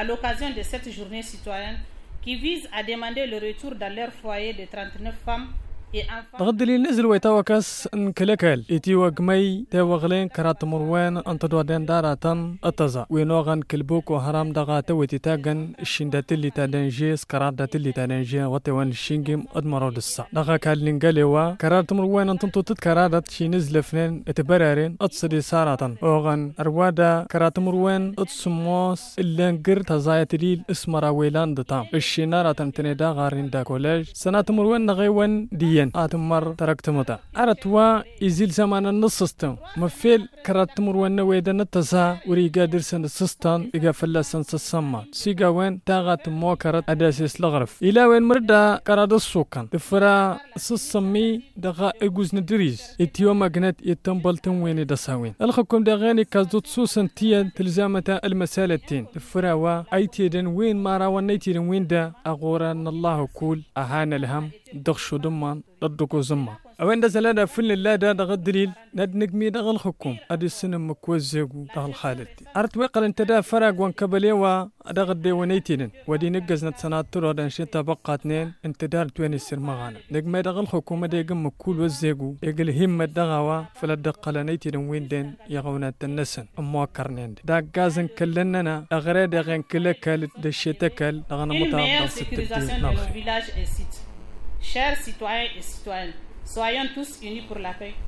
à l'occasion de cette journée citoyenne qui vise à demander le retour dans leur foyer de 39 femmes تغدي لي نزل ويتوكس نكلكل إتي وقمي تا وغلين كرات مروان انت دو دين دارتن اتزا وينوغن كلبوك وهرام دغا توتي تاغن شندات اللي تادن جيس كرات دات اللي تادن جي وطيوان الشنجم ادمرو دسا دغا كال لنقاليوا كرات مروان انت انتنتو تتكرارات شي نزل فنين اتبرارين اتصدي ساراتن اوغن اروادا كرات مروان اتسموس اللي نقر تزايت لي اسمرا ويلاند تام الشنارة تنتني دا غارين دا كولاج سنات مروان نغيون دي ديان اتمر تركتمتا ارتوا ازيل زمان النصستم مفيل كراتمر وانا ويدنا تسا وري قادر سن سستان فلا سن سسما سيغا وين تاغات مو كرات اداسيس لغرف الى وين مردا كراد السوكان دفرا سسمي دغا اغوز ندريز اتيو ماغنت يتنبلتن وين دساوين الخكم دغاني كازوت سوسن تيان تلزامتا المسالتين دفرا وا تيدن وين مارا تيدن وين دا اغوران الله كول اهان الهم دخشو دمان ضدكو زما أوين دزلا دا فن الله دا دغ الدليل ند نقمي دغ الحكم أدي السنة مكوزيقو دغ الحالتي أرت ويقل انت دا فرق وان كبليوا دغ ونيتين ودي نجز نتسانات ترى دا نشيطة بقى اتنين انت دار تواني سير مغانا نقمي دغ الحكم دا يقم مكول وزيقو يقل همة دغوا فلا دقلانيتين وين دين يغونا تنسن امو كرنين دا قازن كلننا أغري دغن كلكل دا الشيتكل دغن مطابق ستة دين Chers citoyens et citoyennes, soyons tous unis pour la paix.